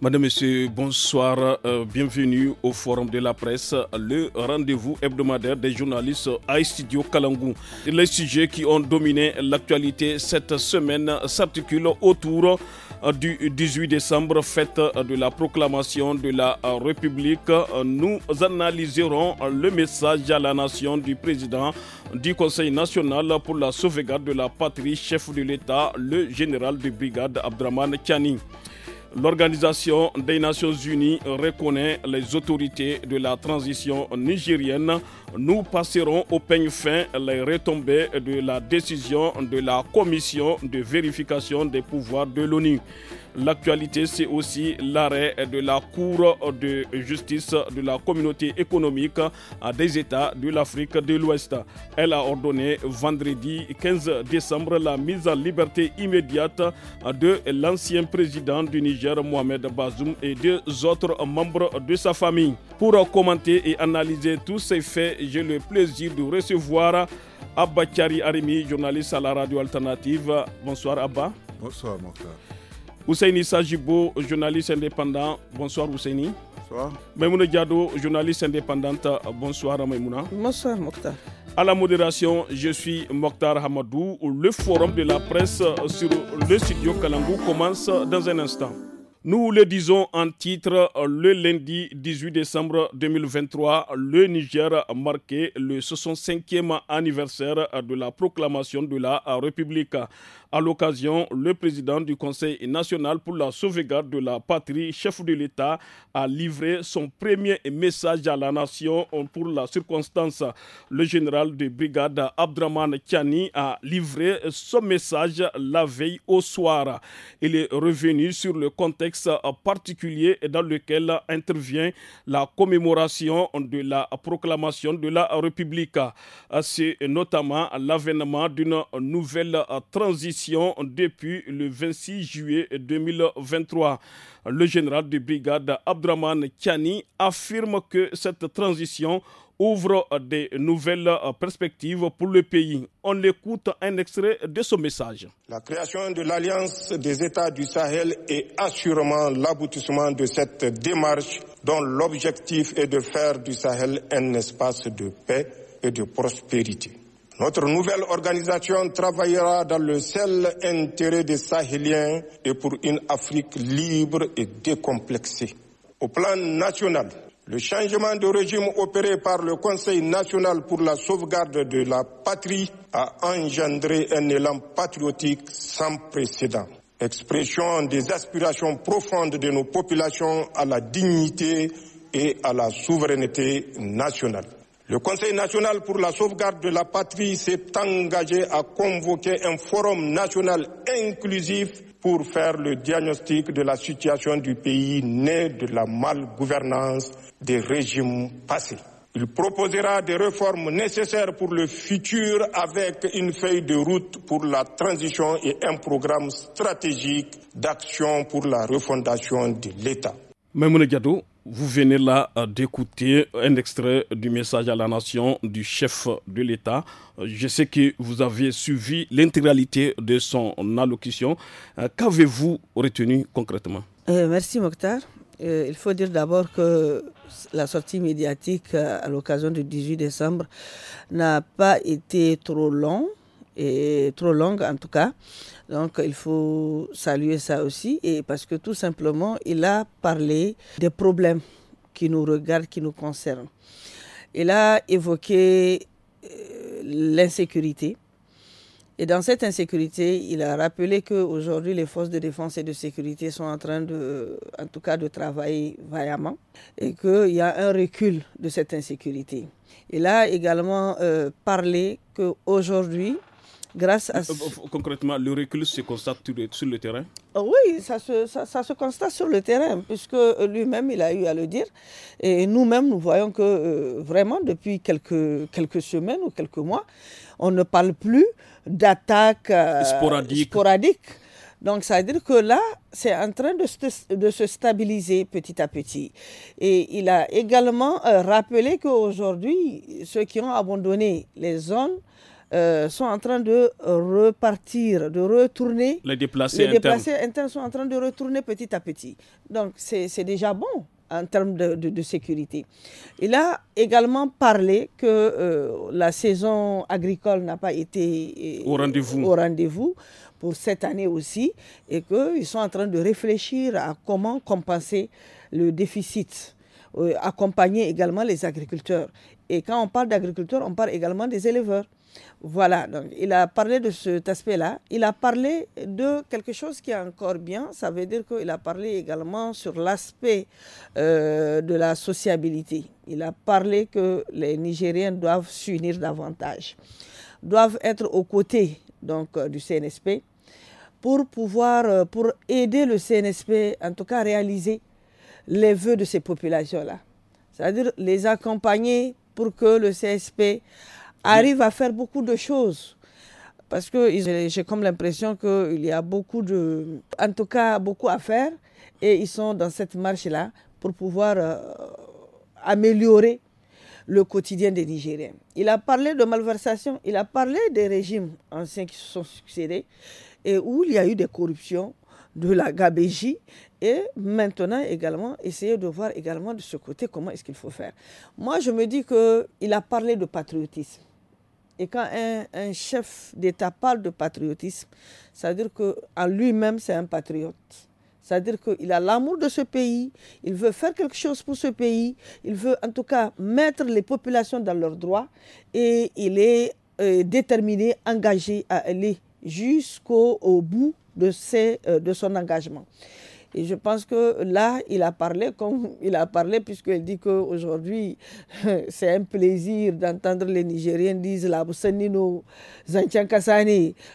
Madame, Monsieur, bonsoir. Euh, bienvenue au Forum de la presse, le rendez-vous hebdomadaire des journalistes à Studio Kalangou. Les sujets qui ont dominé l'actualité cette semaine s'articulent autour euh, du 18 décembre, fête de la proclamation de la euh, République. Nous analyserons le message à la nation du président du Conseil national pour la sauvegarde de la patrie, chef de l'État, le général de brigade Abdraman chani. L'Organisation des Nations Unies reconnaît les autorités de la transition nigérienne. Nous passerons au peigne fin les retombées de la décision de la Commission de vérification des pouvoirs de l'ONU. L'actualité, c'est aussi l'arrêt de la Cour de justice de la communauté économique des États de l'Afrique de l'Ouest. Elle a ordonné vendredi 15 décembre la mise en liberté immédiate de l'ancien président du Niger, Mohamed Bazoum, et deux autres membres de sa famille. Pour commenter et analyser tous ces faits, j'ai le plaisir de recevoir Abba Chari Arimi, journaliste à la radio alternative. Bonsoir Abba. Bonsoir Mokhtar. Ousseini Sajibo, journaliste indépendant. Bonsoir Ousseini. Bonsoir. Maimouna Diado, journaliste indépendante. Bonsoir Maimouna. Bonsoir Mokhtar. À la modération, je suis Mokhtar Hamadou. Le forum de la presse sur le studio Kalambou commence dans un instant. Nous le disons en titre, le lundi 18 décembre 2023, le Niger a marqué le 65e anniversaire de la proclamation de la République. À l'occasion, le président du Conseil national pour la sauvegarde de la patrie, chef de l'État, a livré son premier message à la nation pour la circonstance. Le général de brigade Abdraman Kiani a livré son message la veille au soir. Il est revenu sur le contexte particulier dans lequel intervient la commémoration de la proclamation de la République. C'est notamment l'avènement d'une nouvelle transition depuis le 26 juillet 2023. Le général de brigade Abdraman Kiani affirme que cette transition ouvre de nouvelles perspectives pour le pays. On écoute un extrait de ce message. La création de l'Alliance des États du Sahel est assurément l'aboutissement de cette démarche dont l'objectif est de faire du Sahel un espace de paix et de prospérité. Notre nouvelle organisation travaillera dans le seul intérêt des Sahéliens et pour une Afrique libre et décomplexée. Au plan national, le changement de régime opéré par le Conseil national pour la sauvegarde de la patrie a engendré un élan patriotique sans précédent, expression des aspirations profondes de nos populations à la dignité et à la souveraineté nationale. Le Conseil national pour la sauvegarde de la patrie s'est engagé à convoquer un forum national inclusif pour faire le diagnostic de la situation du pays né de la malgouvernance des régimes passés. Il proposera des réformes nécessaires pour le futur avec une feuille de route pour la transition et un programme stratégique d'action pour la refondation de l'État. Vous venez là euh, d'écouter un extrait du message à la nation du chef de l'État. Euh, je sais que vous avez suivi l'intégralité de son allocution. Euh, qu'avez-vous retenu concrètement Merci Mokhtar. il faut dire d'abord que la sortie médiatique à l'occasion du 18 décembre n'a pas été trop longue et trop longue en tout cas. Donc il faut saluer ça aussi et parce que tout simplement il a parlé des problèmes qui nous regardent, qui nous concernent. Il a évoqué euh, l'insécurité. Et dans cette insécurité, il a rappelé qu'aujourd'hui, les forces de défense et de sécurité sont en train de, en tout cas, de travailler vaillamment et qu'il y a un recul de cette insécurité. Il a également euh, parlé qu'aujourd'hui, grâce à... Euh, euh, concrètement, le recul se constate sur le terrain ah Oui, ça se, ça, se constate sur le terrain, puisque euh, lui-même, il a eu à le dire. Et nous-mêmes, nous voyons que vraiment, depuis quelques, quelques semaines ou quelques mois, on ne parle plus d'attaques sporadiques. Donc, ça veut dire que là, c'est en train de se, de se, stabiliser petit à petit. Et il a également rappelé qu'aujourd'hui, ceux qui ont abandonné les zones euh, sont en train de repartir, de retourner. Les déplacés, internes. sont en train de retourner petit à petit. Donc c'est déjà bon en termes de, sécurité. Il a également parlé que euh, la saison agricole n'a pas été euh, au rendez-vous rendez pour cette année aussi et qu'ils sont en train de réfléchir à comment compenser le déficit, accompagner également les agriculteurs. Et quand on parle d'agriculteurs, on parle également des éleveurs. Voilà, donc il a parlé de cet aspect-là. Il a parlé de quelque chose qui est encore bien. Ça veut dire qu'il a parlé également sur l'aspect euh, de la sociabilité. Il a parlé que les Nigériens doivent s'unir davantage, doivent être aux côtés donc, euh, du CNSP pour pouvoir euh, pour aider le CNSP, en tout cas, réaliser les vœux de ces populations-là. C'est-à-dire les accompagner pour que le CNSP arrivent à faire beaucoup de choses. Parce que j'ai comme l'impression qu'il y a beaucoup de. En tout cas, beaucoup à faire. Et ils sont dans cette marche-là pour pouvoir euh, améliorer le quotidien des Nigériens. Il a parlé de malversation, il a parlé des régimes anciens qui se sont succédés et où il y a eu des corruptions, de la gabégie et maintenant également essayer de voir également de ce côté comment est-ce qu'il faut faire. Moi je me dis qu'il a parlé de patriotisme. Et quand un, chef d'État parle de patriotisme, ça veut dire qu'en lui-même, c'est un patriote. C'est-à-dire qu'il a l'amour de ce pays, il veut faire quelque chose pour ce pays, il veut en tout cas mettre les populations dans leurs droits et il est euh, déterminé, engagé à aller jusqu'au bout de, euh, de son engagement. Et je pense que là, il a parlé comme il a parlé, puisqu'il dit qu'aujourd'hui, c'est un plaisir d'entendre les Nigériens disent « la Boussanino, zanchian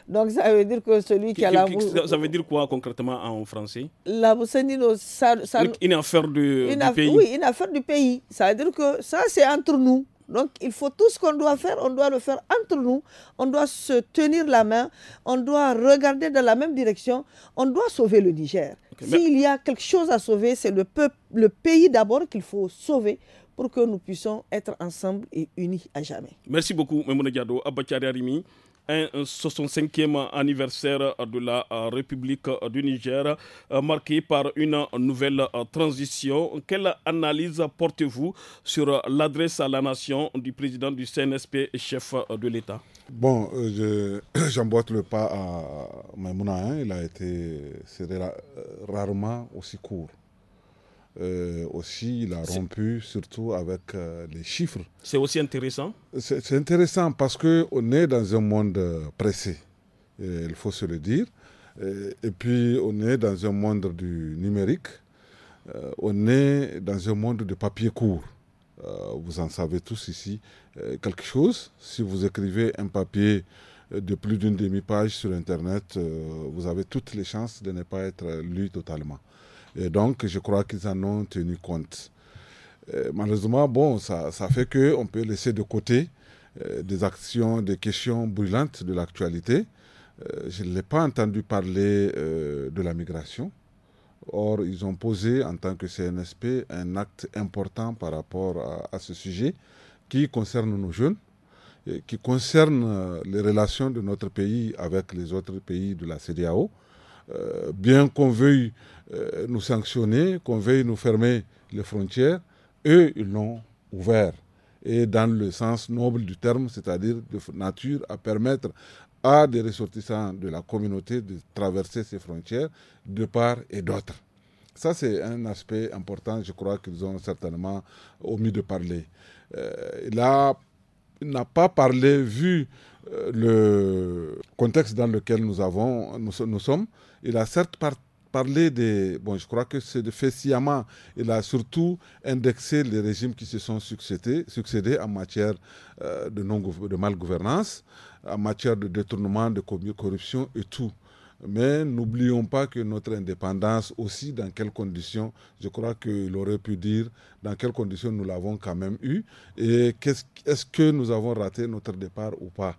Donc ça veut dire que celui qui a la Ça veut dire quoi concrètement en français La Boussanino, ça. ça Donc, une affaire, du pays. Oui, une affaire du pays. Ça veut dire que ça, c'est entre nous. Donc il faut tout ce qu'on doit faire, on doit le faire entre nous, on doit se tenir la main, on doit regarder dans la même direction, on doit sauver le Niger. S'il y a quelque chose à sauver, c'est le, peuple, le pays d'abord qu'il faut sauver pour que nous puissions être ensemble et unis à jamais. Merci beaucoup, Mme Diado. Abakari un 65e anniversaire de la euh, République du Niger, euh, marqué par une nouvelle euh, transition. Quelle analyse portez-vous sur l'adresse à la nation du président du CNSP, chef de l'État Bon, euh, j'emboîte le pas à Maimouna. Hein. il a été euh, rarement aussi court. Euh, aussi, il a rompu surtout avec les chiffres. C'est aussi intéressant C'est intéressant parce qu'on est dans un monde pressé, il faut se le dire. Et, et, puis, on est dans un monde du numérique, on est dans un monde de papier court. Euh, vous en savez tous ici euh, quelque chose. Si vous écrivez un papier euh, de plus d'une demi-page sur Internet, vous avez toutes les chances de ne pas être lu totalement. Et donc, je crois qu'ils en ont tenu compte. malheureusement, bon, ça, ça fait qu'on peut laisser de côté des actions, des questions brûlantes de l'actualité. je ne l'ai pas entendu parler de la migration. Or, ils ont posé en tant que CNSP un acte important par rapport à, ce sujet qui concerne nos jeunes, qui concerne euh, les relations de notre pays avec les autres pays de la CDAO. Euh, bien qu'on veuille euh, nous sanctionner, qu'on veuille nous fermer les frontières, eux, ils l'ont ouvert. Et dans le sens noble du terme, c'est-à-dire de nature à permettre à des ressortissants de la communauté de traverser ces frontières de part et d'autre. Ça, c'est un aspect important, je crois qu'ils ont certainement omis de parler. Euh, il n'a pas parlé, vu euh, le contexte dans lequel nous, avons, nous, nous sommes. Il a certes parlé Parler des. Bon, je crois que c'est de sciemment Il a surtout indexé les régimes qui se sont succédés, succédé en matière euh, de, non, de malgouvernance, en matière de détournement, de corruption et tout. Mais n'oublions pas que notre indépendance aussi, dans quelles conditions, je crois qu'il aurait pu dire dans quelles conditions nous l'avons quand même eu et est-ce que nous avons raté notre départ ou pas.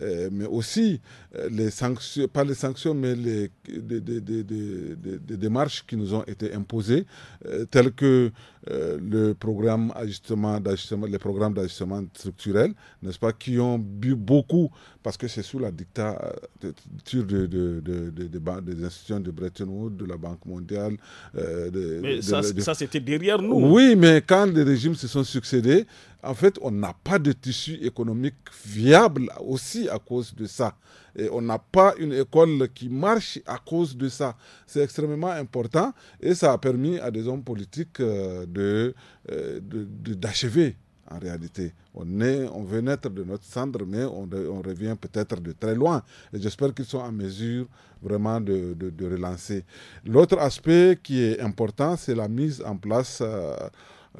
Euh, mais aussi euh, les sanctions, pas les sanctions, mais les des, démarches qui nous ont été imposées, euh, telles que le programme ajustement, d'ajustement, les programmes d'ajustement structurel, n'est-ce pas, qui ont bu beaucoup, parce que c'est sous la dictature de, de, des institutions de Bretton Woods, de la Banque mondiale. mais ça c'était derrière nous. Oui, mais quand les régimes se sont succédés, en fait, on n'a pas de tissu économique viable aussi à cause de ça. Et on n'a pas une école qui marche à cause de ça. C'est extrêmement important et ça a permis à des hommes politiques euh, euh, de, d'achever en réalité. On, est, on veut naître de notre cendre, mais on, revient peut-être de très loin. Et j'espère qu'ils sont en mesure vraiment de, relancer. L'autre aspect qui est important, c'est la mise en place. Euh,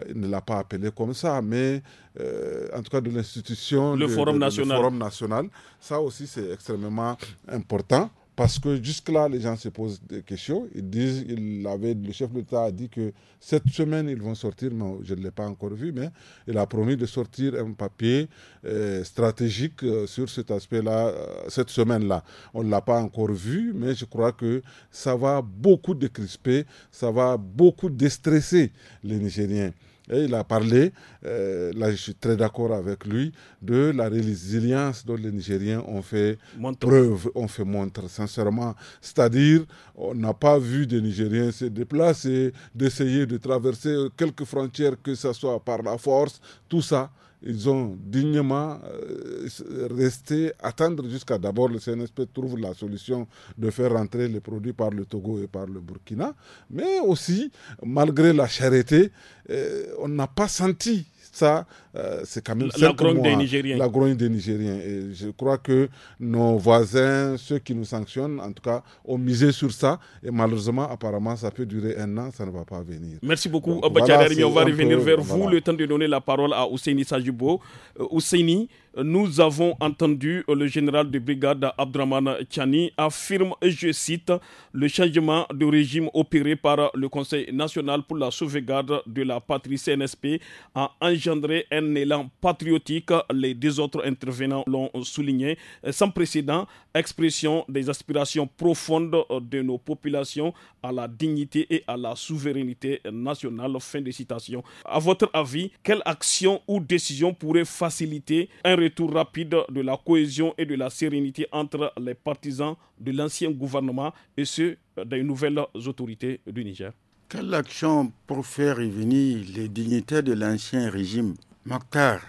euh, il ne l'a pas appelé comme ça, mais euh, en tout cas de l'institution, le, le, Forum national. Ça aussi, c'est extrêmement important parce que jusque-là, les gens se posent des questions. Ils disent, le chef de l'État a dit que cette semaine, ils vont sortir, mais je ne l'ai pas encore vu, mais il a promis de sortir un papier euh, stratégique euh, sur cet aspect-là, euh, cette semaine-là. On ne l'a pas encore vu, mais je crois que ça va beaucoup décrisper, ça va beaucoup déstresser les Nigériens. Et il a parlé, euh, là je suis très d'accord avec lui, de la résilience dont les Nigériens ont fait preuve, ont fait montre, sincèrement. C'est-à-dire, on n'a pas vu des Nigériens se déplacer, d'essayer de traverser quelques frontières, que ce soit par la force, tout ça ils ont dignement euh, resté attendre jusqu'à d'abord le CNSP trouve la solution de faire rentrer les produits par le Togo et par le Burkina, mais aussi, malgré la charité, euh, on n'a pas senti ça, euh, c'est quand même la grogne des hein. Nigériens. La grogne des Nigériens. Et je crois que nos voisins, ceux qui nous sanctionnent, en tout cas, ont misé sur ça. Et malheureusement, apparemment, ça peut durer un an, ça ne va pas venir. Merci beaucoup, On va revenir vers vous. Le temps de donner la parole à Ousseini Sajibo. Euh, nous avons entendu le général de brigade Abdraman Tchani affirme, et je cite, le changement de régime opéré par le Conseil national pour la sauvegarde de la patrie CNSP a engendré un élan patriotique, les deux autres intervenants l'ont souligné, sans précédent expression des aspirations profondes euh, de nos populations à la dignité et à la souveraineté nationale. Fin de citation. À votre avis, quelle action ou décision pourrait faciliter un retour rapide de la cohésion et de la sérénité entre les partisans de l'ancien gouvernement et ceux euh, des nouvelles autorités du Niger Quelle action pour faire revenir les dignités de l'ancien régime Mokhtar,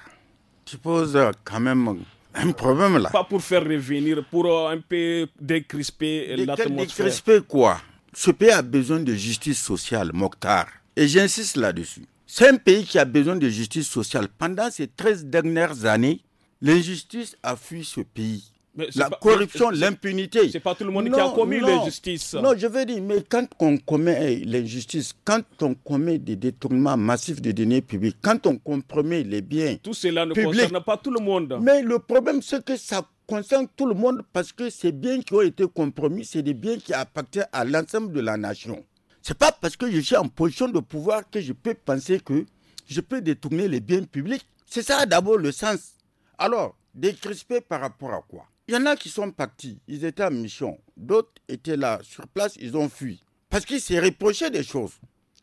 tu poses quand même un problème là. Pas pour faire revenir, pour euh, un peu décrisper euh, l'atmosphère. Décrisper quoi Ce pays a besoin de justice sociale, Mokhtar. Et j'insiste là-dessus. C'est un pays qui a besoin de justice sociale. Pendant ces 13 dernières années, l'injustice a fui ce pays la corruption, l'impunité. C'est pas tout le monde qui a commis l'injustice. Non, je veux dire, mais quand on commet eh, l'injustice, quand on commet des détournements massifs de deniers publics, quand on compromet les biens. Tout cela ne concerne pas tout le monde. Mais le problème, c'est que ça concerne tout le monde parce que ces biens qui ont été compromis, c'est des biens qui appartiennent à l'ensemble de la nation. C'est pas parce que je suis en position de pouvoir que je peux penser que je peux détourner les biens publics. C'est ça d'abord le sens. Alors, décrisper par rapport à quoi il y en a qui sont partis, ils étaient en mission. D'autres étaient là, sur place, ils ont fui. Parce qu'ils s'est reproché des choses,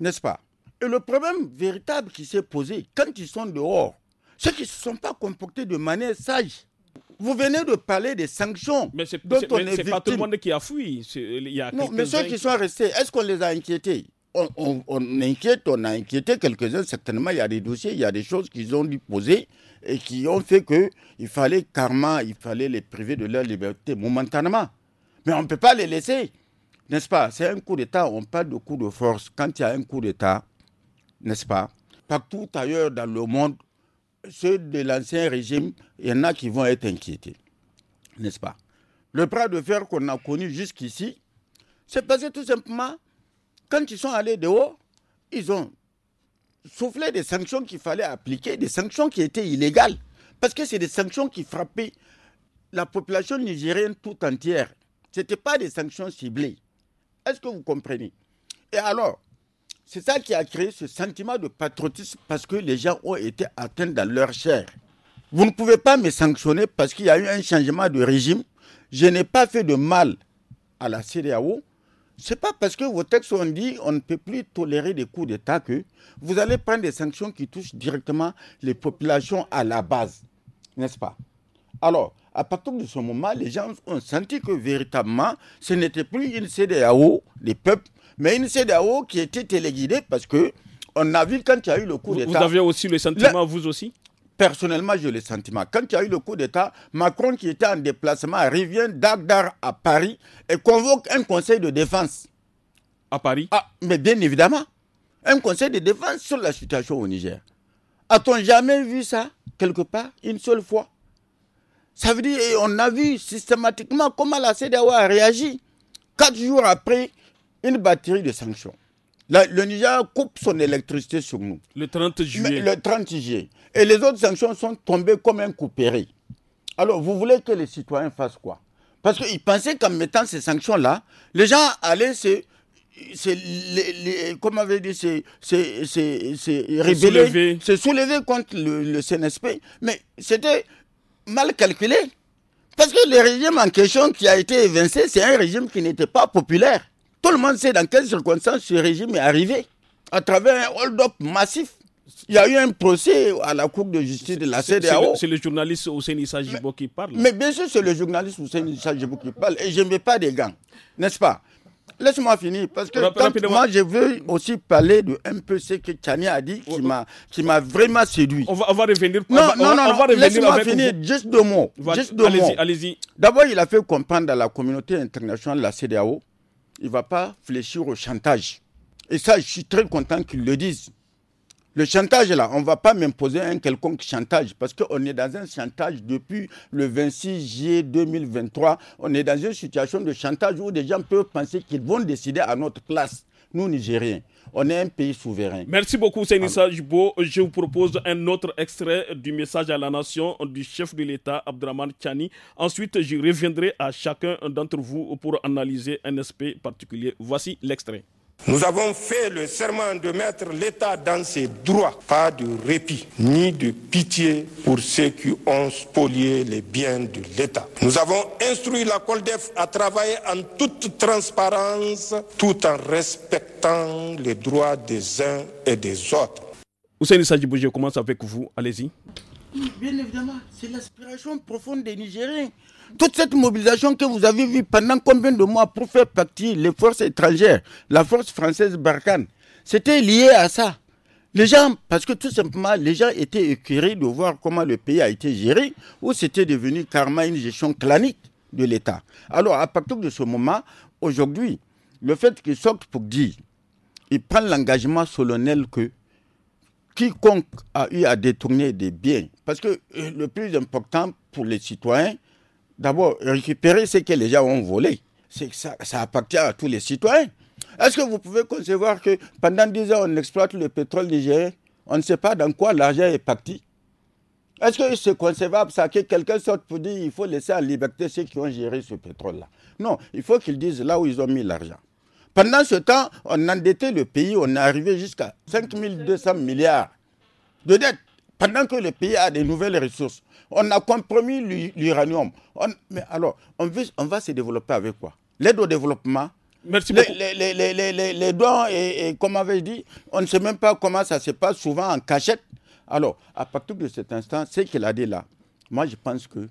n'est-ce pas Et le problème véritable qui s'est posé, quand ils sont dehors, c'est qui ne se sont pas comportés de manière sage. Vous venez de parler des sanctions mais ce n'est pas tout le monde qui a fui. non, mais ceux qui sont restés, est-ce qu'on les a inquiétés on, on, inquiète, on a inquiété quelques-uns, certainement, il y a des dossiers, il y a des choses qu'ils ont dû poser et qui ont fait qu'il fallait karma, il fallait les priver de leur liberté momentanément. Mais on ne peut pas les laisser. N'est-ce pas C'est un coup d'État, on parle de coup de force. Quand il y a un coup d'État, n'est-ce pas Partout ailleurs dans le monde, ceux de l'ancien régime, il y en a qui vont être inquiétés. N'est-ce pas Le bras de fer qu'on a connu jusqu'ici, c'est parce que tout simplement, quand ils sont allés de haut, ils ont souffler des sanctions qu'il fallait appliquer, des sanctions qui étaient illégales, parce que c'est des sanctions qui frappaient la population nigérienne tout entière. Ce n'étaient pas des sanctions ciblées. Est-ce que vous comprenez Et alors, c'est ça qui a créé ce sentiment de patriotisme parce que les gens ont été atteints dans leur chair. Vous ne pouvez pas me sanctionner parce qu'il y a eu un changement de régime. Je n'ai pas fait de mal à la CDAO n'est pas parce que vos textes ont dit on ne peut plus tolérer des coups d'État que vous allez prendre des sanctions qui touchent directement les populations à la base, n'est-ce pas Alors, à partir de ce moment, les gens ont senti que véritablement, ce n'était plus une CDAO des peuples, mais une CDAO qui était téléguidée parce que on a vu quand il y a eu le coup d'État. Vous aviez aussi le sentiment, vous aussi personnellement, j'ai le sentiment. Quand il y a eu le coup d'État, Macron, qui était en déplacement, revient d'Agdar à Paris et convoque un conseil de défense. À Paris ah, Mais bien évidemment, un conseil de défense sur la situation au Niger. A-t-on jamais vu ça, quelque part, une seule fois Ça veut dire on a vu systématiquement comment la CDAO a réagi. Quatre jours après, une batterie de sanctions le Niger coupe son électricité sur nous. Le 30 juillet. le 30 juillet. Et les autres sanctions sont tombées comme un coup Alors, vous voulez que les citoyens fassent quoi Parce qu'ils pensaient qu'en mettant ces sanctions-là, les gens allaient se. les, comment avait dit, se, soulever. contre le, le CNSP. Mais c'était mal calculé. Parce que le régime en question qui a été évincé, c'est un régime qui n'était pas populaire. Tout le monde sait dans quelles circonstances ce régime est arrivé. À travers un hold-up massif. Il y a eu un procès à la Cour de justice de la CDAO. C'est le, journaliste Hussein Issa qui parle. Mais bien sûr, c'est le journaliste Hussein Issa qui parle. Et je ne mets pas des gants, n'est-ce pas Laisse-moi finir, parce que moi, je veux aussi parler de un peu ce que Tchania a dit oh, oh. qui m'a vraiment séduit. On va, revenir. Non, non, non, non, non. laisse-moi finir, juste deux mots. juste deux allez mots. Allez-y. D'abord, il a fait comprendre à la communauté internationale, la CDAO, il ne va pas fléchir au chantage. Et ça, je suis très content qu'ils le disent. Le chantage, là, on ne va pas m'imposer un quelconque chantage parce qu'on est dans un chantage depuis le 26 juillet 2023. On est dans une situation de chantage où des gens peuvent penser qu'ils vont décider à notre place, nous, Nigériens. On est un pays souverain. Merci beaucoup, Sénissa Joubo. Je vous propose un autre extrait du message à la nation du chef de l'État, Abdraman Chani Ensuite, je reviendrai à chacun d'entre vous pour analyser un aspect particulier. Voici l'extrait. Nous avons fait le serment de mettre l'État dans ses droits. Pas de répit ni de pitié pour ceux qui ont spolié les biens de l'État. Nous avons instruit la Coldef à travailler en toute transparence tout en respectant les droits des uns et des autres. Ousseini Sajibouji, je commence avec vous. Allez-y. Bien évidemment, c'est l'aspiration profonde des Nigériens. Toute cette mobilisation que vous avez vue pendant combien de mois pour faire partie les forces étrangères, la force française Barkhane, c'était lié à ça. Les gens, parce que tout simplement, les gens étaient écœurés de voir comment le pays a été géré, ou c'était devenu carrément une gestion clanique de l'État. Alors, à partir de ce moment, aujourd'hui, le fait qu'ils sortent pour dire, ils prennent l'engagement solennel que quiconque a eu à détourner des biens, parce que euh, le plus important pour les citoyens, d'abord récupérer ce que les gens ont volé. C'est ça, ça appartient à tous les citoyens. Est-ce que vous pouvez concevoir que pendant 10 ans, on exploite le pétrole nigérien On ne sait pas dans quoi l'argent est parti. Est-ce que c'est concevable ça que quelqu'un sorte pour dire qu'il faut laisser en liberté ceux qui ont géré ce pétrole-là Non, il faut qu'ils disent là où ils ont mis l'argent. Pendant ce temps, on endetté le pays, on est arrivé jusqu'à 5200 milliards de dettes, pendant que le pays a des nouvelles ressources. On a compromis l'uranium. mais alors, on, va se développer avec quoi L'aide au développement Merci beaucoup. Les, les, dons, et, comme avait dit, on ne sait même pas comment ça se passe, souvent en cachette. Alors, à partir de cet instant, ce qu'il a dit là, moi je pense que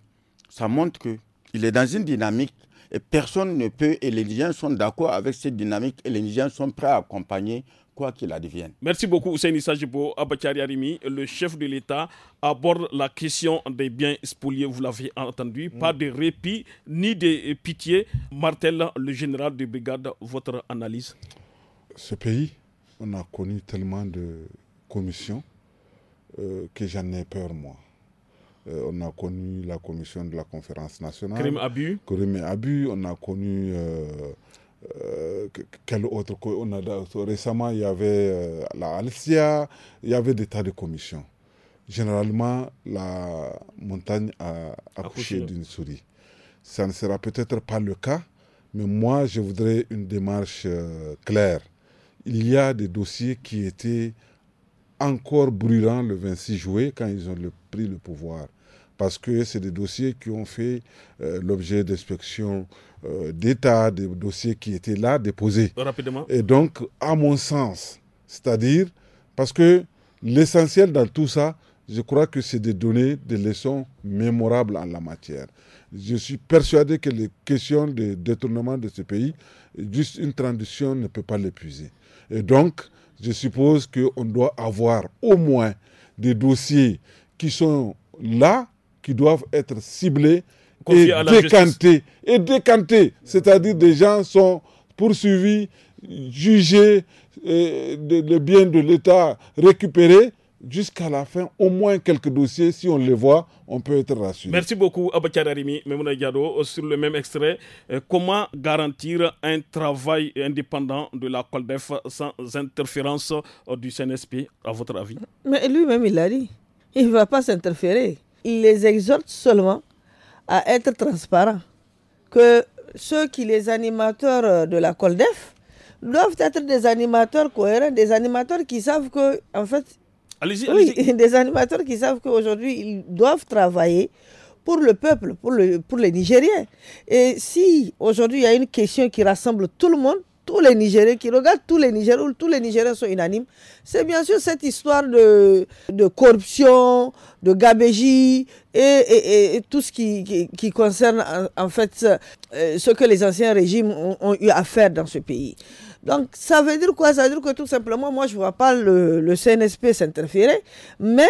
ça montre qu'il est dans une dynamique et personne ne peut, et les gens sont d'accord avec cette dynamique, et les gens sont prêts à accompagner quoi qu'il advienne. Merci beaucoup, Ousseini Sajibo. Abachari Arimi, le chef de l'État, aborde la question des biens spoliés, vous l'avez entendu. Mm. Pas de répit ni de pitié. Martel, le général de brigade, votre analyse Ce pays, on a connu tellement de commissions euh, que j'en ai peur, moi. Euh, on a connu la commission de la conférence nationale. Crime abus. Crime abus. On a connu. Euh, euh, quel autre on a récemment il y avait euh, la Alcia, il y avait des tas de commissions. Généralement, la montagne a accouché d'une souris. Ça ne sera peut-être pas le cas, mais moi je voudrais une démarche euh, claire. Il y a des dossiers qui étaient encore brûlants le 26 juillet quand ils ont pris le pouvoir parce que c'est des dossiers qui ont fait euh, l'objet d'inspections euh, d'État, des dossiers qui étaient là déposés. Rapidement. Et donc, à mon sens, c'est-à-dire, parce que l'essentiel dans tout ça, je crois que c'est de donner des leçons mémorables en la matière. Je suis persuadé que les questions de détournement de ce pays, juste une transition ne peut pas l'épuiser. Et donc, je suppose qu'on doit avoir au moins des dossiers qui sont là qui doivent être ciblés et décantés. Et décantés, c'est-à-dire des gens sont poursuivis, jugés, le biens de l'État récupéré, jusqu'à la fin, au moins quelques dossiers, si on les voit, on peut être rassuré. Merci beaucoup, Abakar Arimi, Memouna Sur le même extrait, euh, comment garantir un travail indépendant de la COLDEF sans interférence euh, du CNSP, à votre avis Mais lui-même, il a dit. Il ne va pas s'interférer. Il les exhorte seulement à être transparents, que ceux qui, les animateurs de la Coldef, doivent être des animateurs cohérents, des animateurs qui savent que, en fait, des animateurs qui savent qu'aujourd'hui, ils doivent travailler pour le peuple, pour, pour les Nigériens. Et si aujourd'hui, il y a une question qui rassemble tout le monde, tous les Nigériens, qui regardent tous les Nigériens, tous les Nigériens sont unanimes, c'est bien sûr cette histoire de, corruption, de gabégie et, tout ce qui, concerne en, fait euh, ce que les anciens régimes ont, eu à faire dans ce pays. Donc ça veut dire quoi Ça veut dire que tout simplement, moi je ne vois pas le, CNSP s'interférer, mais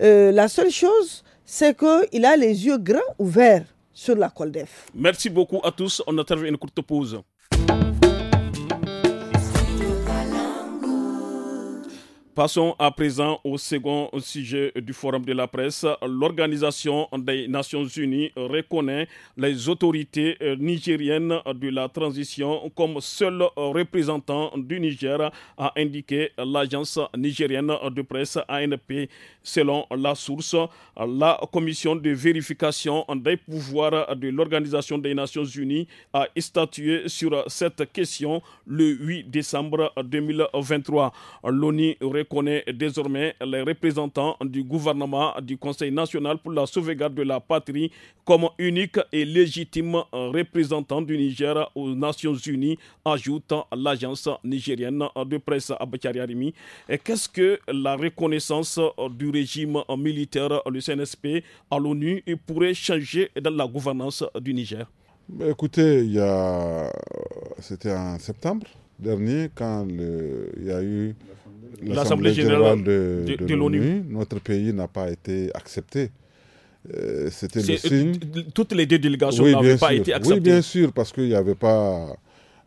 euh, la seule chose, c'est qu'il a les yeux grands ouverts sur la Coldef. Merci beaucoup à tous. On a terminé une courte pause. Passons à présent au second sujet du Forum de la presse. L'Organisation des Nations Unies reconnaît les autorités euh, nigériennes de la transition comme seul représentant du Niger, a indiqué l'agence nigérienne de presse ANP. Selon la source, la commission de vérification des pouvoirs de l'Organisation des Nations Unies a statué sur cette question le 8 décembre 2023. L'ONU reconnaît désormais les représentants du gouvernement du Conseil national pour la sauvegarde de la patrie comme unique et légitime représentant du Niger aux Nations unies, ajoute l'agence nigérienne de presse Abakari Arimi. Qu'est-ce que la reconnaissance du régime militaire, le CNSP, à l'ONU pourrait changer dans la gouvernance du Niger? Bah, écoutez, il a... Euh, c'était en septembre dernier quand le... il y a eu l'Assemblée générale, de, l'ONU. Notre pays n'a pas été accepté. Euh, c'était le euh, signe. Toutes les deux délégations n'avaient pas été acceptées. Oui, bien sûr, parce qu'il n'y avait pas.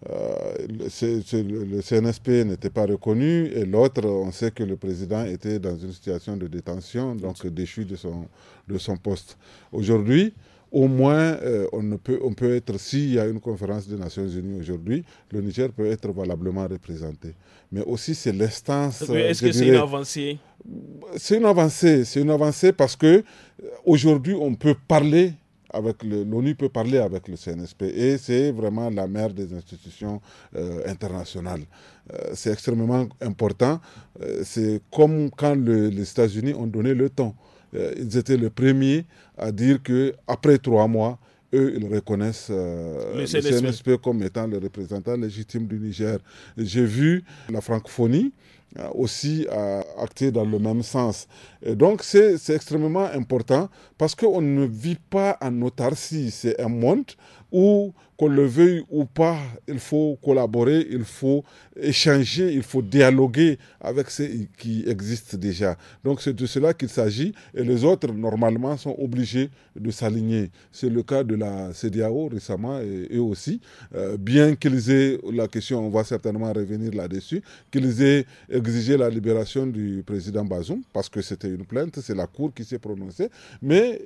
le, le CNSP n'était pas reconnu et l'autre, on sait que le président était dans une situation de détention, donc déchu de son, de son poste. Aujourd'hui, au moins, euh, on, peut, on peut être, s'il y a une conférence des Nations Unies aujourd'hui, le Niger peut être valablement représenté. Mais aussi, c'est l'instance. Euh, est-ce que c'est une avancée C'est une avancée. C'est une avancée parce que euh, aujourd'hui, on peut parler avec l'ONU peut parler avec le CNSP et c'est vraiment la mère des institutions internationales. c'est extrêmement important. c'est comme quand les États-Unis ont donné le temps. Euh, ils étaient les premiers à dire qu'après trois mois, eux, ils reconnaissent euh, le, CNSP. comme étant le représentant légitime du Niger. J'ai vu la francophonie euh, aussi acter dans le même sens. donc, c'est extrêmement important parce qu'on ne vit pas en autarcie, c'est un monde ou qu'on le veuille ou pas, il faut collaborer, il faut échanger, il faut dialoguer avec ceux qui existent déjà. Donc c'est de cela qu'il s'agit et les autres, normalement, sont obligés de s'aligner. C'est le cas de la CDAO récemment et eux aussi, euh, bien qu'ils aient la question, on va certainement revenir là-dessus, qu'ils aient exigé la libération du président Bazoum parce que c'était une plainte, c'est la Cour qui s'est prononcée, mais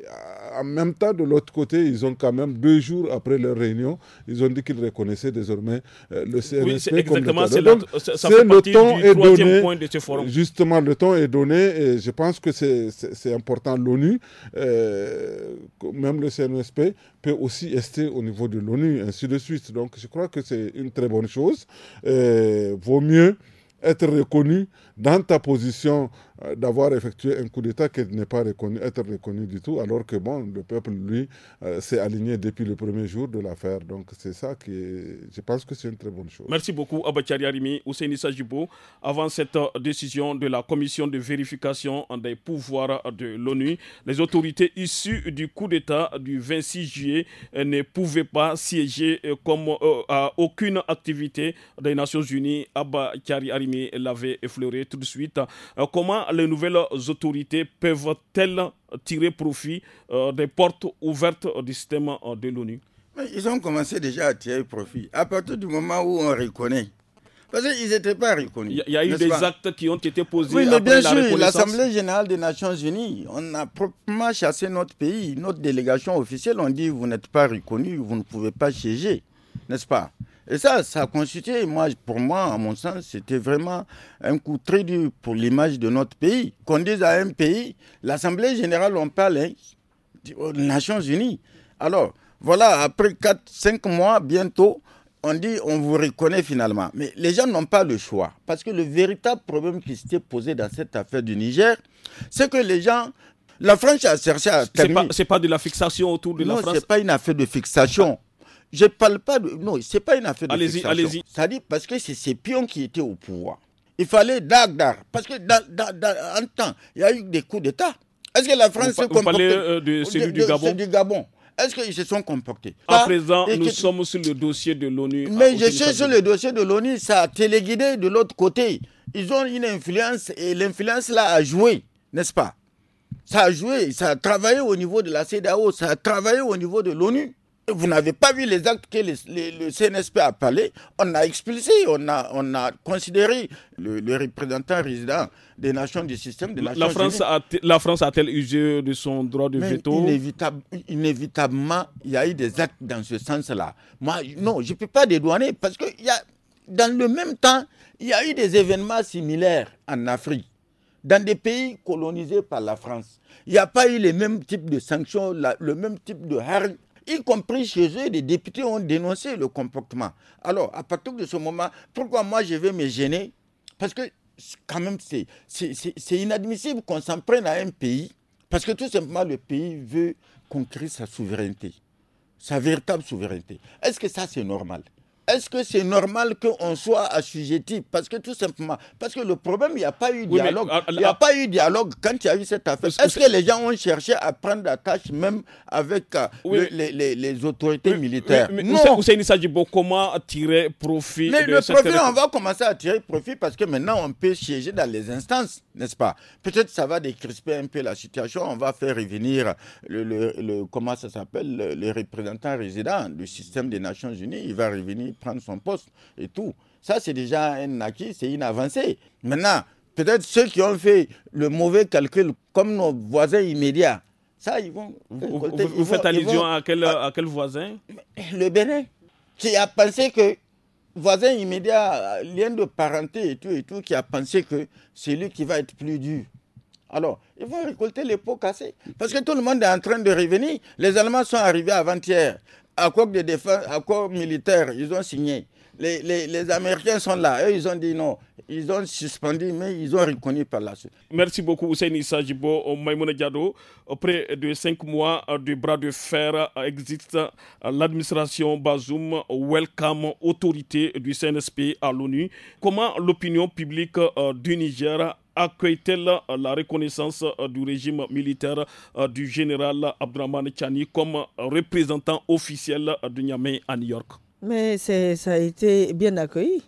en même temps, de l'autre côté, ils ont quand même deux jours après leur réunion, ils ont dit qu'ils reconnaissaient désormais euh, le CNSP oui, exactement, le, Donc, le temps du est Point de ce forum. Justement, le temps est donné et je pense que c'est important. L'ONU, euh, même le CNSP, peut aussi rester au niveau de l'ONU, ainsi de suite. Donc, je crois que c'est une très bonne chose. Euh, vaut mieux être reconnu dans ta position euh, d'avoir effectué un coup d'État qui n'est pas reconnu, être reconnu du tout, alors que bon, le peuple, lui, euh, s'est aligné depuis le premier jour de l'affaire. Donc c'est ça qui je pense que c'est une très bonne chose. Merci beaucoup Abachari Arimi, Ousseini Sajibo. Avant cette euh, décision de la commission de vérification des pouvoirs de l'ONU, les autorités issues du coup d'État du 26 juillet ne pouvaient pas siéger comme à aucune activité des Nations Unies. Abachari Arimi l'avait effleuré tout de suite. comment les nouvelles autorités peuvent-elles tirer profit euh, des portes ouvertes du système euh, de l'ONU Ils ont commencé déjà à tirer profit. À partir du moment où on reconnaît parce qu'ils n'étaient pas reconnus. Il y a eu des actes qui ont été posés. Oui, mais bien sûr, l'Assemblée générale des Nations Unies, on a proprement chassé notre pays, notre délégation officielle. On dit vous n'êtes pas reconnu, vous ne pouvez pas siéger, n'est-ce pas et ça, ça a constitué, moi, pour moi, à mon sens, c'était vraiment un coup très dur pour l'image de notre pays. Qu'on dise à un pays, l'Assemblée générale, on parle hein, aux Nations Unies. Alors, voilà, après 4-5 mois, bientôt, on dit on vous reconnaît finalement. Mais les gens n'ont pas le choix. Parce que le véritable problème qui s'était posé dans cette affaire du Niger, c'est que les gens. La France a cherché à. Ce n'est pas, de la fixation autour de la France. Non, ce n'est pas une affaire de fixation. Je parle pas de. Non, c'est pas une affaire de allez fixation. Allez-y, allez-y. parce que c'est ces pions qui étaient au pouvoir. Il fallait Dagdar. Parce que temps, il y a eu des coups d'État. Est-ce que la France se comportait... Vous parlez euh, de celui du Gabon du Gabon. Est-ce qu'ils se sont comportés À présent, nous sommes sur le dossier de l'ONU. Mais je suis sur le dossier de l'ONU, ça a téléguidé de l'autre côté. Ils ont une influence et l'influence là a joué, n'est-ce pas Ça a joué, ça a travaillé au niveau de la CEDAO, ça a travaillé au niveau de l'ONU. Vous n'avez pas vu les actes que le, CNSP a parlé. On a expulsé, on a, on a considéré le, représentant résident des nations du système de la, France a La France a-t-elle usé de son droit de veto Inévitablement, il y a eu des actes dans ce sens-là. Moi, non, je ne peux pas dédouaner parce que a, dans le même temps, il y a eu des événements similaires en Afrique dans des pays colonisés par la France. Il n'y a pas eu les mêmes types de sanctions, le même type de hargne y compris chez eux, les députés ont dénoncé le comportement. Alors, à partir de ce moment, pourquoi moi je vais me gêner Parce que quand même, c'est inadmissible qu'on s'en prenne à un pays, parce que tout simplement, le pays veut conquérir sa souveraineté, sa véritable souveraineté. Est-ce que ça, c'est normal est-ce que c'est normal qu'on soit assujetti Parce que tout simplement, parce que le problème, il n'y a pas eu dialogue. il n'y a pas eu dialogue quand il y a eu cette affaire. Est-ce que les gens ont cherché à prendre la tâche même avec euh, les, autorités militaires mais, mais, Non. comment tirer profit mais Le profit, on va commencer à tirer profit parce que maintenant, on peut siéger dans les instances n'est-ce pas Peut-être ça va décrisper un peu la situation. On va faire revenir le, le, comment ça s'appelle le, représentant résident du système des Nations Unies. Il va revenir prendre son poste et tout. Ça c'est déjà un acquis, c'est une avancée. Maintenant, peut-être ceux qui ont fait le mauvais calcul, comme nos voisins immédiats, ça ils vont. Vous, faites allusion à, à quel voisin Le Bénin, qui a pensé que voisin immédiat, lien de parenté et tout et tout, qui a pensé que c'est lui qui va être plus dur. Alors, ils vont récolter les pots cassés. Parce que tout le monde est en train de revenir. Les Allemands sont arrivés avant-hier. Accord de défense, accord militaire, ils ont signé. Les, les Américains sont là. Eux, ils ont dit non ils ont suspendu, mais ils ont reconnu par la suite. Merci beaucoup, Hussein Sajibo. Euh, Maïmouna Diado. après de cinq mois de bras de fer euh, existe euh, l'administration Bazoum Welcome Autorité du CNSP à l'ONU. Comment l'opinion publique du Niger accueille-t-elle la reconnaissance du régime militaire du général Abdramane Chani comme représentant officiel de Niamey à New York Mais ça a été bien accueilli.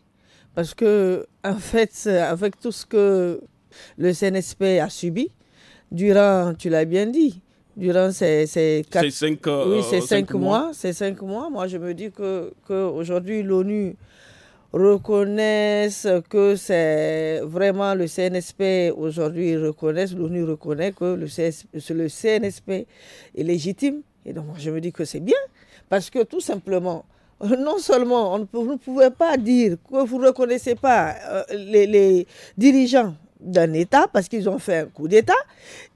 Parce que, en fait, avec tout ce que le CNSP a subi, durant, tu l'as bien dit, durant ces, ces, cinq, euh, oui, ces cinq, mois, cinq mois, moi je me dis que, l'ONU reconnaît que c'est vraiment le CNSP aujourd'hui l'ONU reconnaît que le, le CNSP est légitime. Et donc moi je me dis que c'est bien, parce que tout simplement, non seulement vous ne pouvez pas dire que vous ne reconnaissez pas euh, les, dirigeants d'un État parce qu'ils ont fait un coup d'État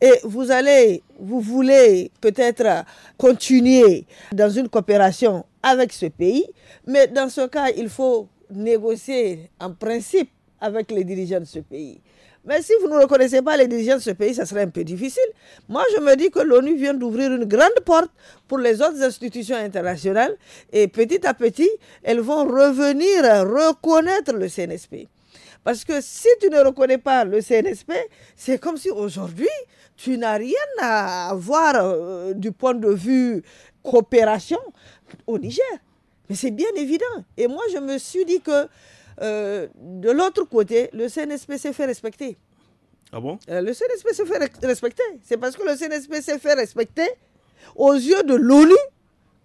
et vous allez, vous voulez peut-être continuer dans une coopération avec ce pays, mais dans ce cas, il faut négocier en principe avec les dirigeants de ce pays. Mais si vous ne reconnaissez pas les dirigeants de ce pays, ça serait un peu difficile. Moi, je me dis que l'ONU vient d'ouvrir une grande porte pour les autres institutions internationales et petit à petit, elles vont revenir à reconnaître le CNSP. Parce que si tu ne reconnais pas le CNSP, c'est comme si aujourd'hui, tu n'as rien à voir euh, du point de vue coopération au Niger. Mais c'est bien évident. Et moi, je me suis dit que euh, de l'autre côté, le CNSP s'est fait respecter. Ah bon euh, Le CNSP s'est fait respecter. C'est parce que le CNSP s'est fait respecter aux yeux de l'ONU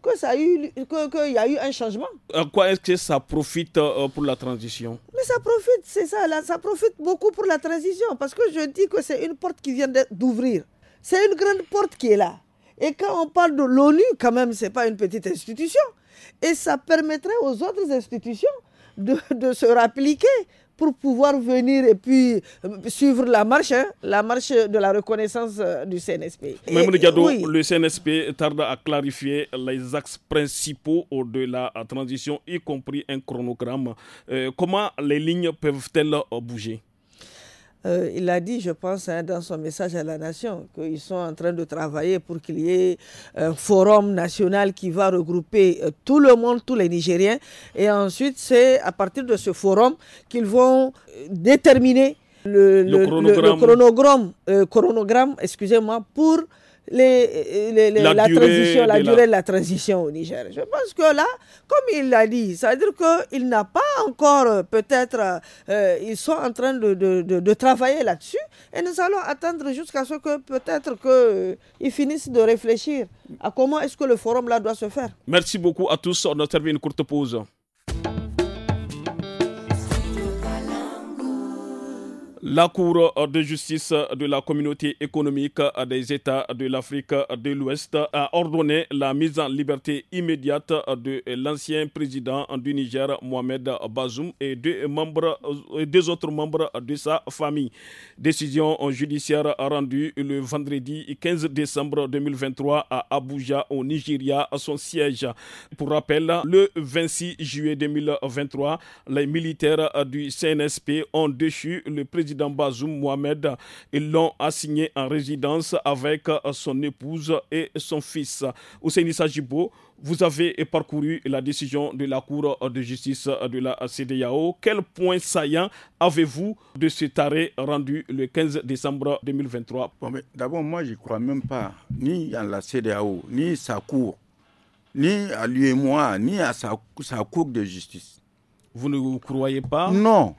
que ça que, y a eu un changement. À quoi est-ce que ça profite euh, pour la transition Mais ça profite, c'est ça, là, ça profite beaucoup pour la transition parce que je dis que c'est une porte qui vient d'ouvrir. C'est une grande porte qui est là. Et quand on parle de l'ONU, quand même, ce c'est pas une petite institution. Et ça permettrait aux autres institutions de, se rappliquer pour pouvoir venir et puis euh, suivre la marche, hein, la marche de la reconnaissance euh, du CNSP. Même le CNSP tarde à clarifier les axes principaux de la transition, y compris un chronogramme. Euh, comment les lignes peuvent-elles bouger euh, il a dit, je pense, hein, dans son message à la nation, qu'ils sont en train de travailler pour qu'il y ait un forum national qui va regrouper euh, tout le monde, tous les Nigériens. Et ensuite, c'est à partir de ce forum qu'ils vont euh, déterminer le, chronogramme, chronogramme excusez-moi, pour les, la, durée la de la transition au Niger. Je pense que là, comme il l'a dit, c'est-à-dire qu'il n'a pas encore, euh, peut-être, euh, euh, ils sont en train de, de, de, travailler là-dessus et nous allons attendre jusqu'à ce que peut-être qu'ils ils finissent de réfléchir à comment est-ce que le forum là doit se faire. Merci beaucoup à tous. On a servi une courte pause. La Cour de justice de la communauté économique des États de l'Afrique de l'Ouest a ordonné la mise en liberté immédiate de l'ancien président du Niger, Mohamed Bazoum, et deux, autres membres de sa famille. Décision judiciaire rendue le vendredi 15 décembre 2023 à Abuja, au Nigeria, à son siège. Pour rappel, le 26 juillet 2023, les militaires du CNSP ont déchu le président président Mohamed. Ils l'ont assigné en résidence avec euh, son épouse et son fils. Sajibo, vous avez parcouru la décision de la Cour de justice de la CDAO. Quel point saillant avez-vous de cet arrêt rendu le 15 décembre 2023 D'abord, moi, je ne crois même pas ni à la CDAO, ni à sa Cour, ni à lui et moi, ni à sa, sa Cour de justice. Vous ne vous croyez pas Non.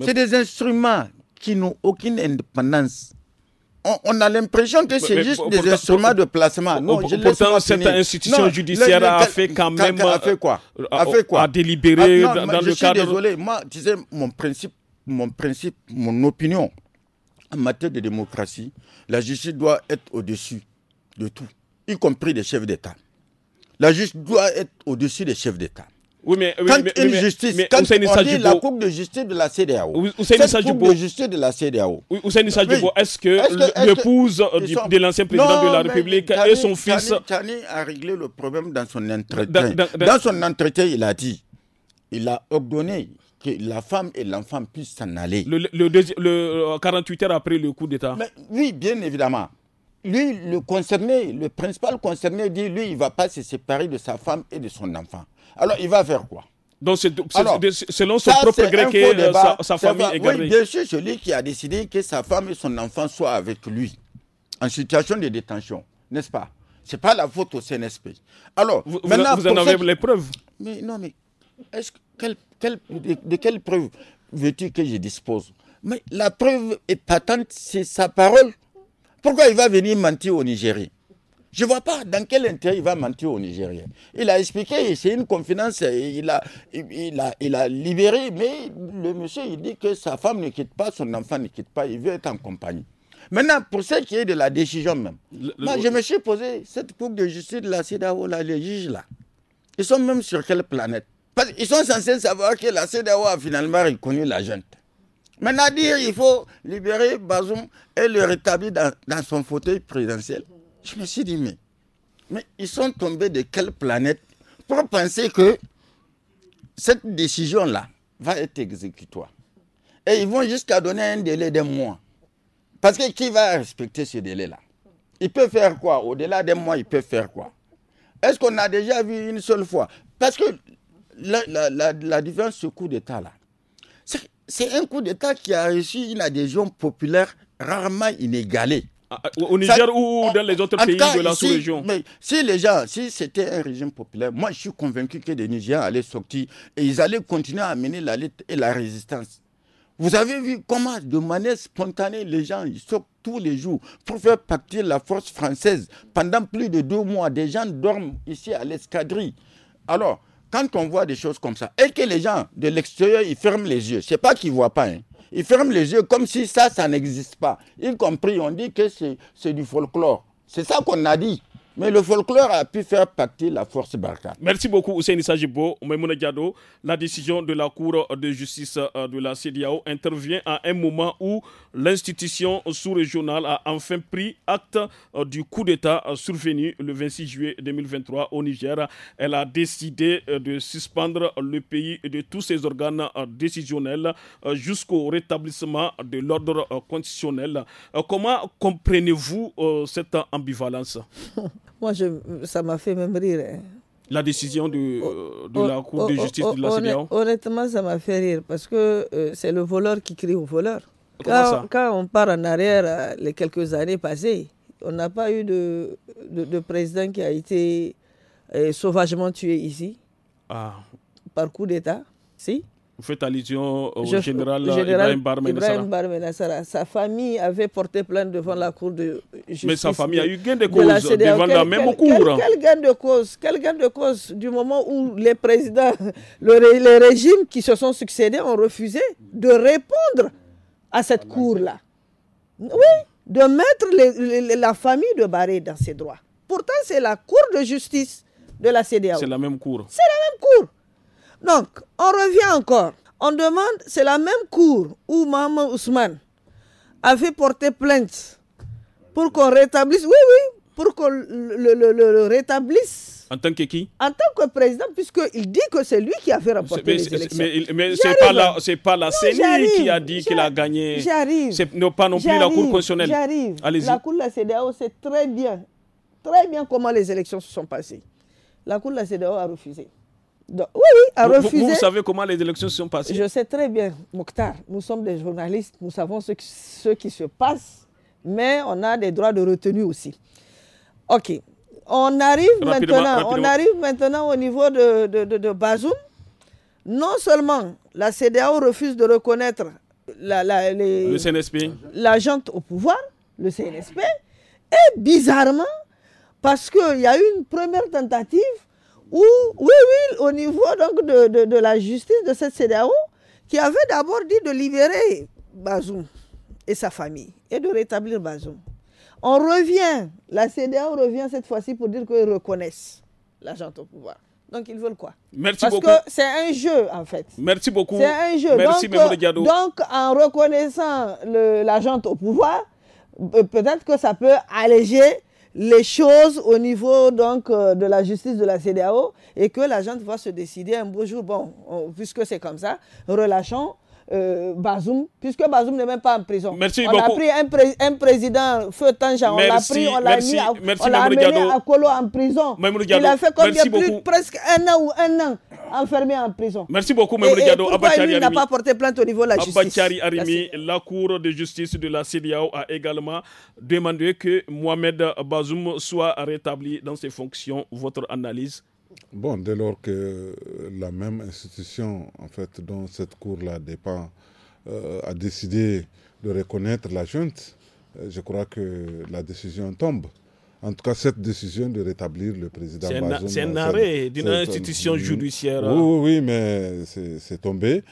C'est des instruments qui n'ont aucune indépendance. On, a l'impression que c'est juste des instruments de placement. Non, pourtant, cette institution judiciaire a fait quand même. A euh, fait quoi A, fait quoi a délibéré ah, dans le dans, je suis Désolé, moi, tu sais, mon principe, mon principe, mon opinion en matière de démocratie, la justice doit être au-dessus de tout, y compris des chefs d'État. La justice doit être au-dessus des chefs d'État. Oui, mais, quand une justice, on dit la Cour de justice de la CDAO, oui, Cour de justice de la CDAO. est-ce que, l'épouse euh, de l'ancien président de la République et son fils... Tani, Tani a réglé le problème dans son entretien. Dans, son entretien, il a dit, il a ordonné que la femme et l'enfant puissent s'en aller. Le, 48 euh, heures après le coup d'État Oui, bien évidemment lui, le concerné, le principal concerné dit, lui, il ne va pas se séparer de sa femme et de son enfant. Alors, il va faire quoi selon son propre gré que euh, sa, sa famille est gardée. Oui, bien sûr, celui qui a décidé que sa femme et son enfant soient avec lui, en situation de détention, n'est-ce pas Ce n'est pas la faute au CNSP. Alors, vous, vous en avez les preuves Mais non, mais de, quelles preuves veux-tu que je dispose Mais la preuve est patente, c'est sa parole. Pourquoi il va venir mentir au Nigeria je ne vois pas dans quel intérêt il va mentir aux Nigériens. Il a expliqué, c'est une confidence, il a, il, a, il a libéré, mais le monsieur, il dit que sa femme ne quitte pas, son enfant ne quitte pas, il veut être en compagnie. Maintenant, pour ce qui est de la décision même, je me suis posé, cette Cour de justice de la CEDAO, là, les juges là, ils sont même sur quelle planète Parce qu'ils sont censés savoir que la CEDAO a finalement reconnu la junte. Maintenant, dire il faut libérer Bazoum et le rétablir dans son fauteuil présidentiel. Je me suis dit, mais, ils sont tombés de quelle planète pour penser que cette décision-là va être exécutoire. Et ils vont jusqu'à donner un délai d'un mois. Parce que qui va respecter ce délai-là Il peut faire quoi Au-delà d'un mois, il peut faire quoi Est-ce qu'on a déjà vu une seule fois Parce que la, la différence ce coup d'État-là, c'est un coup d'État qui a reçu une adhésion populaire rarement inégalée. Ah, ah, au Niger ou dans les autres pays de la sous-région si, si les gens, si c'était un régime populaire, moi je suis convaincu que les Nigériens allaient sortir et ils allaient continuer à mener la lutte et la résistance. Vous avez vu comment de manière spontanée les gens sortent tous les jours pour faire partir la force française. Pendant plus de deux mois, des gens dorment ici à l'escadrille. Alors, quand on voit des choses comme ça et que les gens de l'extérieur ils ferment les yeux, c'est pas qu'ils voient pas, hein. Ils ferment les yeux comme si ça, ça n'existe pas. Y compris, on dit que c'est du folklore. C'est ça qu'on a dit. Mais le folklore a pu faire partie la force Barkhane. Merci beaucoup, Ousseini Sajibo. Maimouna Diado, la décision de la Cour de justice euh, de la CDAO intervient à un moment où l'institution sous-régionale a enfin pris acte euh, du coup d'État euh, survenu le 26 juillet 2023 au Niger. Elle a décidé de suspendre le pays de tous ses organes décisionnels jusqu'au rétablissement de l'ordre constitutionnel. Comment comprenez-vous cette ambivalence Moi, je, ça m'a fait même rire. Hein. La décision de oh, euh, la oh, Cour de oh, justice de la CEDEAO Honnêtement, ça m'a fait rire parce que euh, c'est le voleur qui crie au voleur. Quand, quand, on part en arrière, euh, les quelques années passées, on n'a pas eu de, président qui a été sauvagement tué ici. Ah. Par coup d'État, si vous faites allusion au général, général, Ibrahim Barmenassara. Sa famille avait porté plainte devant la Cour de justice. Mais sa famille a eu gain de cause devant la même Cour. Hein. Quel, gain de cause Quel gain de cause du moment où les présidents, les régimes qui se sont succédés ont refusé de répondre à cette ah, Cour-là. Oui, de mettre la famille de Barré dans ses droits. Pourtant, c'est la Cour de justice de la CDAO. C'est la même Cour. C'est la même Cour. Donc, on revient encore. On demande, c'est la même cour où Maman Ousmane avait porté plainte pour qu'on rétablisse, oui, oui, pour qu'on le, rétablisse. En tant que qui En tant que président, puisqu'il dit que c'est lui qui a fait mais, les élections. Mais, ce n'est pas la, CENI qui a dit qu'il a gagné. J'arrive. Ce n'est pas non plus la Cour constitutionnelle. J'arrive. La Cour de la CDAO sait très bien, très bien comment les élections se sont passées. La Cour de la CDAO a refusé oui, à vous, savez comment les élections se sont passées Je sais très bien, Mokhtar. Nous sommes des journalistes, nous savons ce qui, se passe, mais on a des droits de retenue aussi. OK. On arrive, maintenant, On arrive maintenant au niveau de, Bazoum. Non seulement la CDAO refuse de reconnaître la, le au pouvoir, le CNSP, et bizarrement, parce qu'il y a eu une première tentative oui, oui, au niveau donc de, de, la justice de cette CDAO, qui avait d'abord dit de libérer Bazoum et sa famille et de rétablir Bazoum. On revient, la CDAO revient cette fois-ci pour dire qu'ils reconnaissent l'agent au pouvoir. Donc ils veulent quoi Merci Parce que c'est un jeu en fait. Merci beaucoup. C'est un jeu. donc, donc en reconnaissant l'agent au pouvoir, euh, peut-être que ça peut alléger les choses au niveau donc euh, de la justice de la CDAO et que la gente va se décider un beau jour, bon, puisque c'est comme ça, relâchons euh, Bazoum, puisque Bazoum n'est même pas en prison. on a pris un, président, Feu tangent, on l'a pris, on l'a mis, à, merci, on amené à Kolo en prison. Il a fait a plus, presque un an ou un an enfermé en prison. Merci beaucoup, Mme Gado. il n'a pas porté plainte au niveau de la justice Arimi, la, Cour de justice de la Cediao a également demandé que Mohamed Bazoum soit rétabli dans ses fonctions. Votre analyse Bon, dès lors que la même institution, en fait, dont cette cour-là dépend, euh, a décidé de reconnaître la junte, euh, je crois que la décision tombe. En tout cas, cette décision de rétablir le président Bazoum... C'est un arrêt d'une institution judiciaire. Oui, oui, mais c'est tombé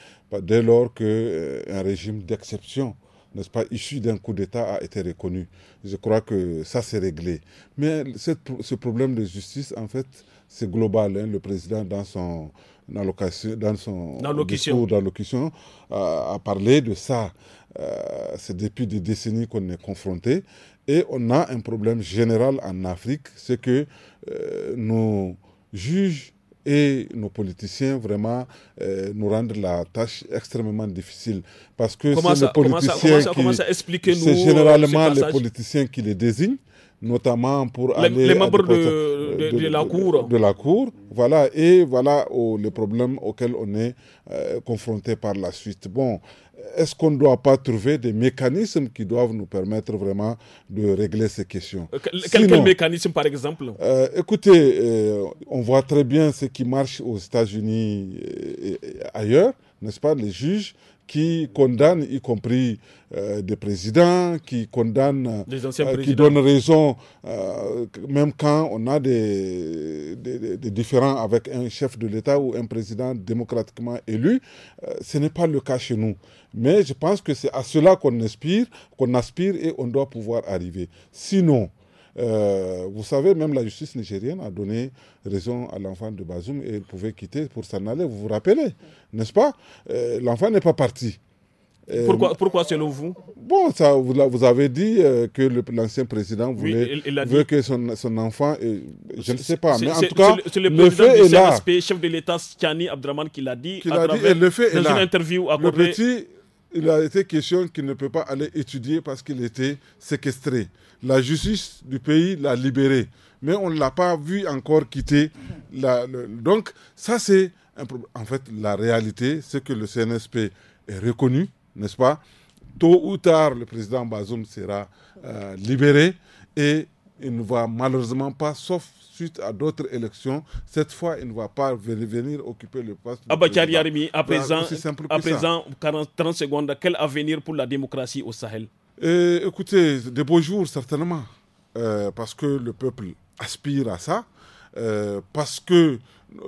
dès lors qu'un euh, un régime d'exception n'est-ce pas, issu d'un coup d'État a été reconnu. Je crois que ça, s'est réglé. Mais ce problème de justice, en fait, c'est global. Hein, le président, dans son allocation, dans son discours d'allocution, euh, a parlé de ça. Euh, c'est depuis des décennies qu'on est confronté. Et on a un problème général en Afrique, c'est que euh, nos juges et nos politiciens vraiment nous rendent la tâche extrêmement difficile parce que comment ça, c'est généralement les politiciens qui les désignent notamment pour les, membres de, la cour. de, la cour. voilà, et voilà le les problèmes auxquels on est euh, confronté par la suite. Bon, est-ce qu'on ne doit pas trouver des mécanismes qui doivent nous permettre vraiment de régler ces questions euh, Quel, mécanismes mécanisme, par exemple euh, Écoutez, on voit très bien ce qui marche aux États-Unis et ailleurs, n'est-ce pas Les juges qui condamne, y compris euh, des présidents, qui condamne, euh, qui donnent raison, euh, même quand on a des, des, des, différends avec un chef de l'État ou un président démocratiquement élu. ce n'est pas le cas chez nous. Mais je pense que c'est à cela qu'on aspire, qu'on aspire et on doit pouvoir arriver. Sinon, euh, vous savez, même la justice nigérienne a donné raison à l'enfant de Bazoum et il pouvait quitter pour s'en aller, vous vous rappelez, n'est-ce pas euh, L'enfant n'est pas parti. Euh, pourquoi, pourquoi selon vous Bon, ça, vous, avez dit que l'ancien président voulait veut que son, son enfant. je ne sais pas, mais en tout cas, le, le, fait du est chef de l'État, Chani Abdraman, qui l'a dit, fait dans une interview à Le petit il a été question qu'il ne peut pas aller étudier parce qu'il était séquestré. La justice du pays l'a libéré, mais on ne l'a pas vu encore quitter. La, donc, ça, c'est en fait la réalité, c'est que le CNSP est reconnu, n'est-ce pas Tôt ou tard, le président Bazoum sera euh, libéré et il ne va malheureusement pas, sauf suite à d'autres élections, cette fois, il ne va pas venir occuper le poste. Abakar Yarimi, à présent, à présent 30 secondes, quel avenir pour la démocratie au Sahel euh, Écoutez, de beaux jours, certainement, euh, parce que le peuple aspire à ça, euh, parce que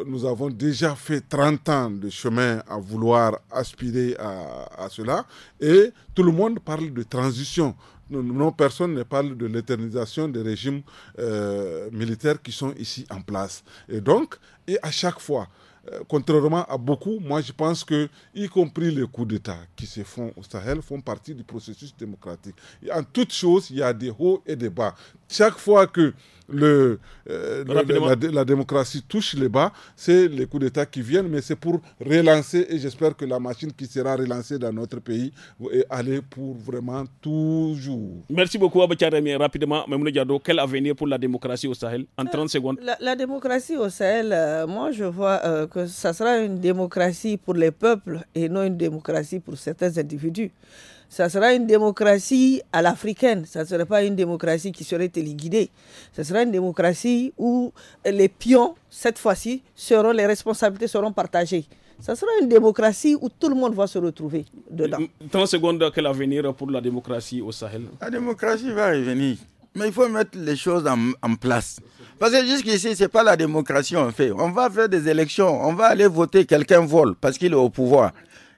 nous avons déjà fait 30 ans de chemin à vouloir aspirer à cela, et tout le monde parle de transition non, personne ne parle de l'éternisation des régimes euh, militaires qui sont ici en place. Et donc, et à chaque fois, euh, contrairement à beaucoup, moi je pense que, y compris les coups d'État qui se font au Sahel, font partie du processus démocratique. en toute chose, il y a des hauts et des bas. Chaque fois que le, euh, la, démocratie touche les bas, c'est les coups d'État qui viennent, mais c'est pour relancer et j'espère que la machine qui sera relancée dans notre pays est allée pour vraiment toujours. Merci beaucoup, Abacharemi. Rapidement, Mme Diado, quel avenir pour la démocratie au Sahel en 30 euh, secondes La, démocratie au Sahel, euh, moi je vois que ça sera une démocratie pour les peuples et non une démocratie pour certains individus ça sera une démocratie à l'africaine. Ça ne serait pas une démocratie qui serait téléguidée. Ce sera une démocratie où les pions, cette fois-ci, seront, les responsabilités seront partagées. Ça sera une démocratie où tout le monde va se retrouver dedans. 30 euh, secondes, quel avenir pour la démocratie au Sahel La démocratie va revenir. Mais il faut mettre les choses en, place. Parce que jusqu'ici, ce n'est pas la démocratie en fait. On va faire des élections, on va aller voter, quelqu'un vole parce qu'il est au pouvoir.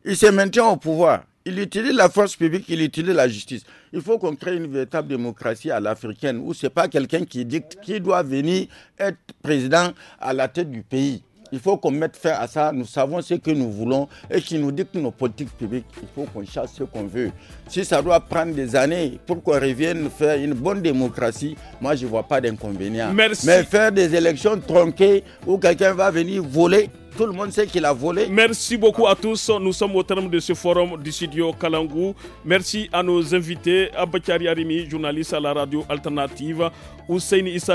Il se maintient au pouvoir. Il utilise la force publique, il utilise la justice. Il faut qu'on crée une véritable démocratie à l'africaine où ce n'est pas quelqu'un qui dicte qui doit venir être président à la tête du pays. Il faut qu'on mette fin à ça. Nous savons ce que nous voulons et qui nous dicte nos politiques publiques. Il faut qu'on chasse ce qu'on veut. Si ça doit prendre des années pour qu'on revienne faire une bonne démocratie, moi je ne vois pas d'inconvénient. Mais faire des élections tronquées où quelqu'un va venir voler tout le monde sait qu'il a volé. Merci beaucoup à tous. Nous sommes au terme de ce forum du studio Kalangou. Merci à nos invités Abakari Arimi, journaliste à la radio alternative, Hussein Issa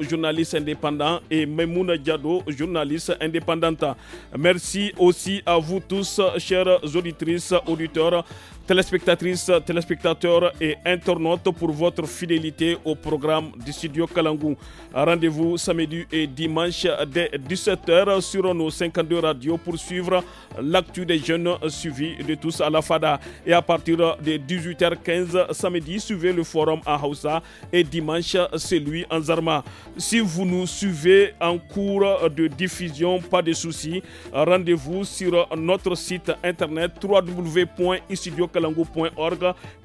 journaliste indépendant, et Memouna Diado, journaliste indépendante. Merci aussi à vous tous, chères auditrices, auditeurs téléspectatrices, téléspectateurs et internautes pour votre fidélité au programme du studio Kalangou. Rendez-vous samedi et dimanche dès 17h sur nos 52 radios pour suivre l'actu des jeunes suivis de tous à la FADA. Et à partir de 18h15 samedi, suivez le forum à Hausa et dimanche celui en Zarma. Si vous nous suivez en cours de diffusion, pas de soucis. Rendez-vous sur notre site internet www.istudio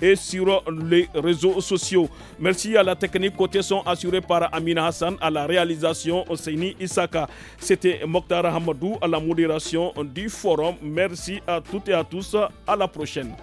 et sur les réseaux sociaux. Merci à la technique côté son assurée par Amina Hassan à la réalisation Seini Isaka. C'était Mokhtar Hamadou à la modération du forum. Merci à toutes et à tous. À la prochaine.